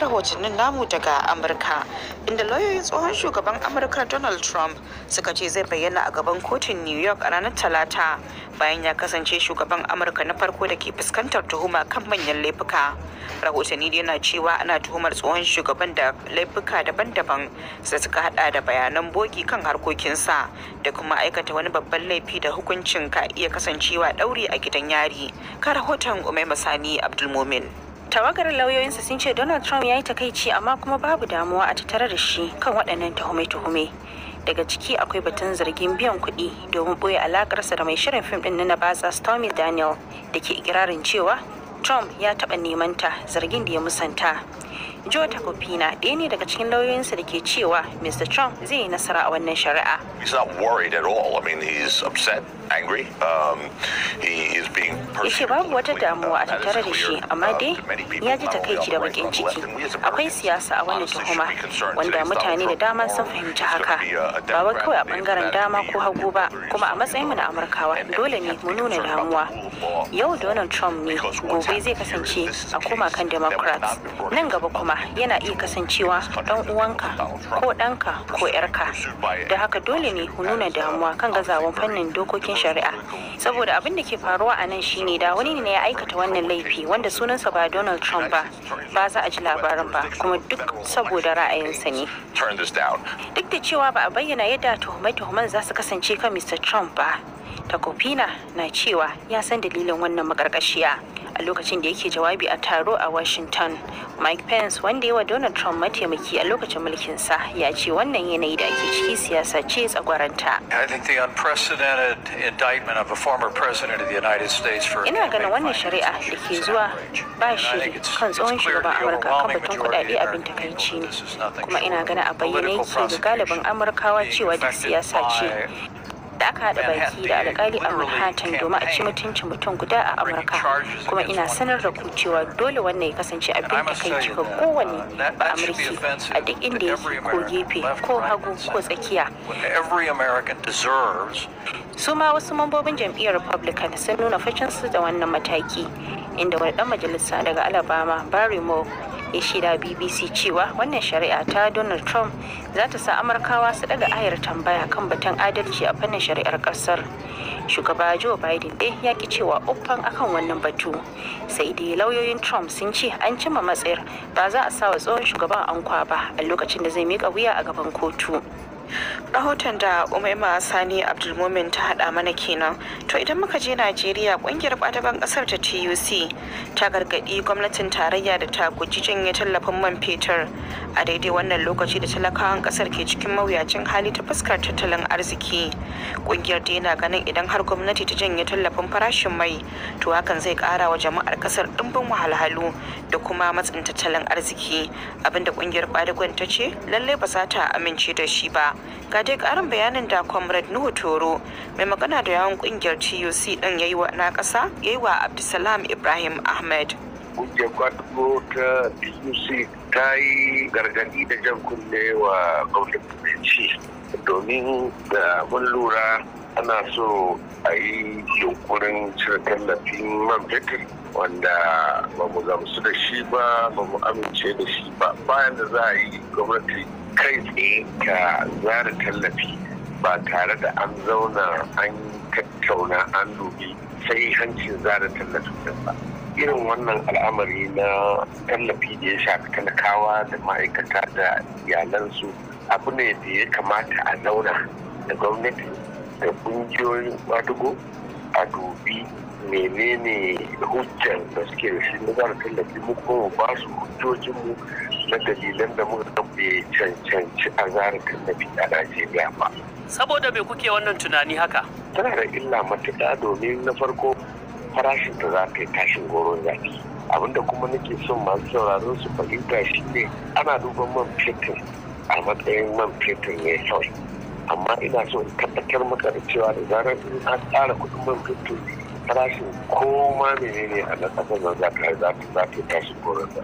rahotannin namu daga Amurka, inda lauyoyin tsohon shugaban Amurka Donald Trump suka ce zai bayyana a gaban kotun New York a ranar Talata bayan ya kasance shugaban Amurka na farko da ke fuskantar tuhuma kan manyan laifuka. Rahotanni dai na cewa ana tuhumar tsohon shugaban da laifuka daban-daban sai suka hada da bayanan bogi kan harkokinsa da kuma aikata wani babban laifi da hukuncin ka iya kasancewa ɗauri a gidan yari. Ka rahoton Umai Masani Abdulmumin. tawagar lauyoyinsa sun ce donald trump ya yi takaici amma kuma babu damuwa a tattare da shi kan waɗannan tuhume-tuhume daga ciki akwai batun zargin biyan kuɗi domin ɓoye alakarsa da mai shirin fim ɗin na baza stormy daniel da ke ikirarin cewa trump ya taɓa neman ta zargin da ya musanta joe takopina ɗaya ne daga cikin lauyoyinsa da ke cewa mr trump zai yi nasara a wannan shari'a he's not worried at all i mean he's upset angry um, he is being yace babu wata damuwa a tattare da shi uh, amma dai um, ya ji takaici da bakin ciki akwai siyasa a wannan tuhuma wanda mutane da dama sun fahimci haka ba wai kawai a bangaren dama ko hagu ba kuma a matsayinmu na amurkawa dole ne mu nuna damuwa yau donald trump ne gobe zai kasance a koma kan democrats nan gaba kuma ma yana iya kasancewa dan uwanka ko danka ko 'yarka da haka dole ne ku nuna damuwa kan gazawan fannin dokokin shari'a saboda abin da ke faruwa a nan shine da wani ne ya aikata wannan laifi wanda sunansa ba donald trump ba ba za a ji labarin ba kuma duk saboda ra'ayinsa ne duk da cewa ba a bayyana yadda tuhumai-tuhuman za su kasance kan mr trump ba takofina na cewa ya san dalilin wannan makarkashiya a lokacin da yake jawabi a taro a washington mike pence wanda yawa donald trump mataimaki a lokacin mulkinsa ya ce wannan yanayi da ake ciki siyasa ce tsagwaranta ina ganin wannan shari'a da ke zuwa ba shi kan tsohon shugaban amurka kan batun kudade abin takaici ne kuma ina ganin a bayyane yake ga galibin amurkawa cewa duk siyasa ce da aka haɗa baki da alkali a manhattan domin a ci mutuncin mutum guda a amurka kuma ina sanar da ku cewa dole wannan ya kasance abin da kai ga kowane uh, ba amurki a duk inda ko gefe ko hagu ko tsakiya su ma wasu mambobin jam'iyyar republican sun nuna fashinsu da wannan mataki inda wani dan majalisa daga alabama barry moore ya shaida bbc cewa wannan shari'a ta donald trump za ta sa amurkawa su daga ayar tambaya kan batun adalci a fannin shari'ar kasar shugaba joe biden dai ya ki cewa uffan akan wannan batu sai dai lauyoyin trump sun ce an cimma matsayar ba za a sa wa tsohon shugaban ankwa ba a lokacin da zai mika wuya a gaban kotu rahoton da umaima sani abdulmumin ta hada mana kenan to idan muka je najeriya kungiyar ɓadaban ƙasar ta tuc ta gargaɗi gwamnatin tarayya da ta guji janye tallafin man fetur a daidai wannan lokaci da talakawan ƙasar ke cikin mawuyacin hali ta fuskar tattalin arziki kungiyar da yana ganin idan har gwamnati ta janye tallafin farashin mai to hakan zai kara wa jama'ar ƙasar ɗimbin wahalhalu da kuma matsin tattalin arziki abinda kungiyar kwadagon ta ce lallai ba za ta amince da shi ba A dai karin bayanin da comrade nuhu toro mai magana da yawon kungiyar tuc din yayi wa na kasa yayi wa abdulsalam ibrahim ahmed kungiyar kwadugo ta tuc ta yi gargadi da jan kunne wa gwamnati domin da mun lura ana so a yi yunkurin cire tallafin man fetur wanda ba mu gamsu da shi ba ba mu amince da shi ba bayan da za a yi gwamnati kai tsaye ta zara tallafi ba tare da an zauna an tattauna an dubi sai hancin zara tallafin ba irin wannan al'amari na tallafi da ya shafi talakawa da ma'aikata da iyalansu abu ne da ya kamata a zauna da gwamnati da ƙungiyoyin madugo a dubi menene hujjar da suke da shi na zara tallafi mu kuma ba su hujjojinmu na dalilan da muka bai cancanci a zara tallafi a Najeriya ba. Saboda me kuke wannan tunani haka? Tana da illa matuƙa domin na farko farashin da za ka yi tashin goron zafi. Abinda kuma nake son masu sauraron su fahimta shi ne ana duban man fetur a matsayin man fetur ne kawai. amma ina so in tabbatar maka da cewa da zarar in an tsara kuɗin man fetur farashin koma menene a nan ƙasar nan za ta za ta tashi koran da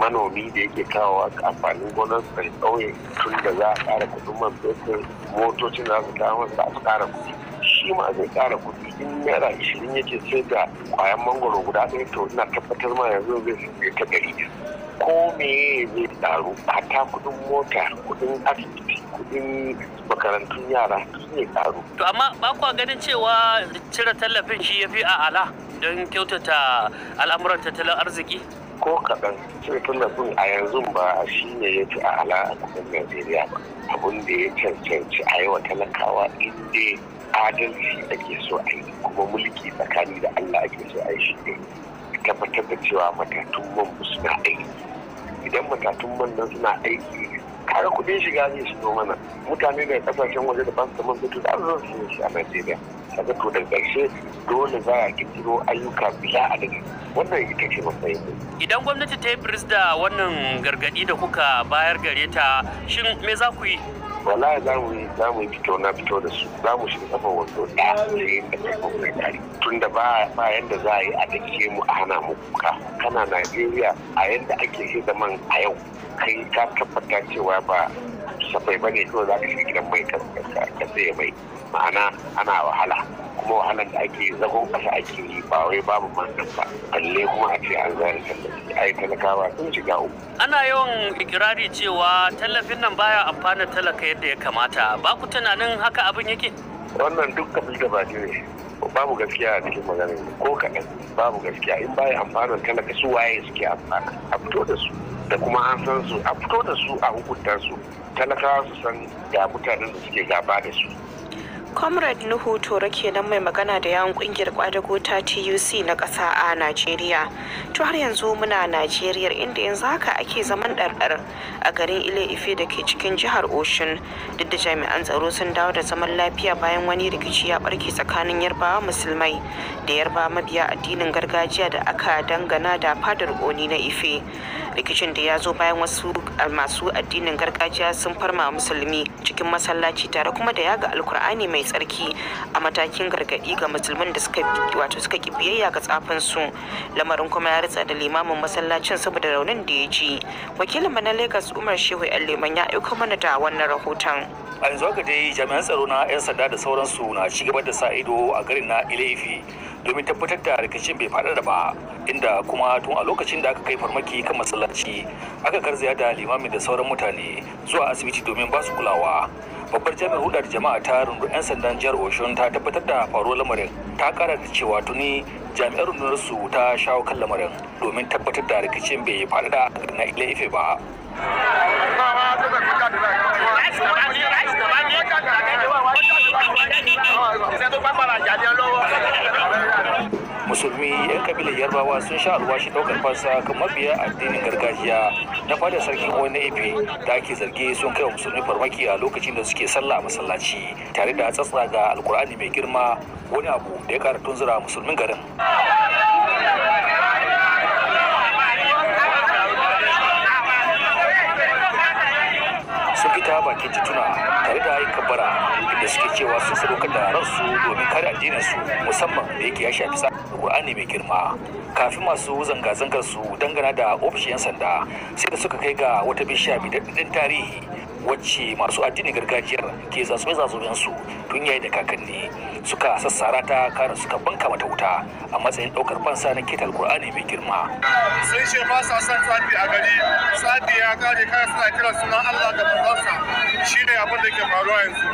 manomi da yake kawo amfanin gonar sai ɗauye tun da za a ƙara kuɗin man fetur motocin za su kawo a ƙara kuɗi shi ma zai ƙara kuɗi in naira ishirin yake sai da kwayan mangoro guda ɗaya to ina tabbatar ma yanzu zai sai ta ɗari ko meye zai taru hatta kudin mota kudin asibiti kudin makarantun yara su ne taru. to amma ba kwa ganin cewa cire tallafin shi ya fi a ala don kyautata al'amuran tattalin arziki ko kaɗan cire tallafin a yanzu ba shi ne ya fi a ala a kudin najeriya ba abun da ya cancanci a yawa talakawa inda adalci ake so a yi kuma mulki tsakani da allah ake so a yi shi ne tabbatar da cewa matatun man suna aiki idan matatun man nan suna aiki kare kudin shiga zai shigo mana mutane daga kasashen waje da basu man fetur da zan su shi a najeriya daga to daga ƙarshe dole za a kirkiro ayyuka bila adadi wannan ita ce matsayin idan gwamnati ta yi da wannan gargaɗi da kuka bayar gare ta shin me za ku yi wallahi za mu yi za mu yi fito na fito da su za mu shiga kafa wando ɗaya da yin da kai tun da ba yanda za a yi a dake mu a hana mu kuka kana Najeriya a yanda ake shi man a yau kai ka tabbata cewa ba safai ba kawai za ka shiga gidan mai ka tsaye mai ma'ana ana wahala kuma wahalar da ake zagon kasa ake yi ba wai babu mannan ba balle kuma a ce an zari tallafi ai talakawa sun shiga uku ana yawan ikirari cewa tallafin nan baya amfana talaka yadda ya kamata ba ku tunanin haka abin yake wannan duk kafin da ba ne babu gaskiya a cikin maganar ko kaɗan babu gaskiya in baya amfana talaka su waye suke amfana a fito da su da kuma an san su a fito da su a hukunta su talakawa su san ga mutanen da suke gaba da su comrade nuhu toro kenan mai magana da yawon kungiyar kwadago ta tuc na ƙasa a najeriya to har yanzu muna najeriya inda yanzu haka ake zaman ɗarɗar a garin ile ife da ke cikin jihar oshun duk da jami'an tsaro sun dawo da zaman lafiya bayan wani rikici ya barke tsakanin yarbawa musulmai da yarbawa mabiya addinin gargajiya da aka dangana da fadar oni na ife rikicin da ya zo bayan wasu masu addinin gargajiya sun farma musulmi cikin masallaci tare kuma da yaga alkur'ani mai tsarki a matakin gargadi ga musulmin da suka wato suka ki biyayya ga tsafin su lamarin kuma ya ritsa da limamin masallacin saboda raunin da ya ji wakilin mu na Lagos Umar Shehu yan Leman ya aika mana da wannan rahoton a yanzu haka dai jami'an tsaro na 'yan sanda da sauransu na ci gaba da sa ido a garin na Ilefi domin tabbatar da rikicin bai da ba inda kuma tun a lokacin da aka kai farmaki kan masallaci aka garzaya da limamin da sauran mutane zuwa asibiti domin ba su kulawa babbar jami'ar hudar jama'a ta rundu 'yan sandan jihar oshun ta tabbatar da faruwar lamarin ta kara da cewa tuni jami'ar rundunar su ta shawo kan lamarin domin tabbatar da rikicin bai da na ile ife ba. da yarbawa sun sha alwashi daukar fansa kan mabiya addinin gargajiya na fadar sarkin wani efe da ake zargi sun kai wa musulmi farmaki a lokacin da suke sallah a masallaci tare da tsatsa ga alkur'ani mai girma wani abu da ya kara tunzura musulmin garin sun fita bakin tituna tare da yin bara inda suke cewa sun sadaukar da ransu domin kare addinin su musamman da yake ya shafi sa Qur'ani mai girma kafin masu zanga-zangar su dangana da ofishin 'yan sanda sai da suka kai ga wata bishiya mai daɗin tarihi wacce masu addinin gargajiyar ke mai zasumen su tun yayi da kakanni suka sassara ta kare suka banka mata wuta a matsayin daukar fansa na ketal qur'ani mai girma sun ce ba sa son tsafi a gari tsafi ya kare kai suna kira sunan Allah da shi shine abin da ke faruwa yanzu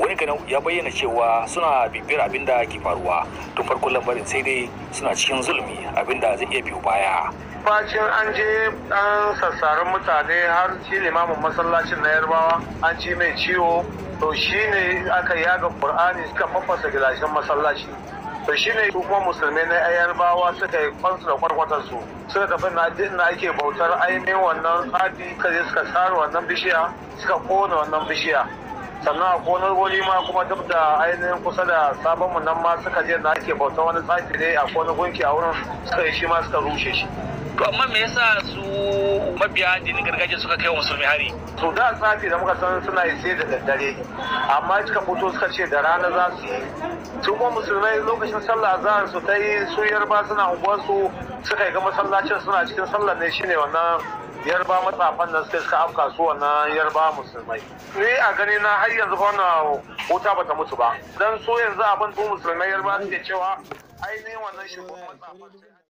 wani ganau ya bayyana cewa suna bibiyar abin da ke faruwa tun farkon lambarin sai dai suna cikin zulmi abin da zai iya biyo baya bacin an je an sassari mutane har shi limamin masallacin na yarbawa an ci mai ciwo to shi ne aka yaga qur'ani suka fafasa gilashin masallaci to ne su kuma musulmi na yarbawa suka yi kwansu da kwarkwatar su suka tafi na na ake bautar ainihin wannan tsafi kaje suka sare wannan bishiya suka kona wannan bishiya sannan a konar guri ma kuma duk da ainihin kusa da sabon mu nan ma suka je na ake bautar wani tsafi ne a konar gunki a wurin suka yi shi ma suka rushe shi to amma me yasa su mabiya addinin gargajiya suka kai wa musulmi hari to da safe da muka san suna yi sai da daddare amma suka fito suka ce da rana za su yi su kuma musulmai lokacin sallah za su ta yi su yarba suna unguwar su suka yi ga masallacin suna cikin sallar ne shine wannan yarba matsafan nan sai suka afka su wannan yarba musulmai ni a gani na har yanzu ba na wuta bata mutu ba dan so yanzu abin su musulmai yarba suke cewa ainihin wannan shugaban matsafan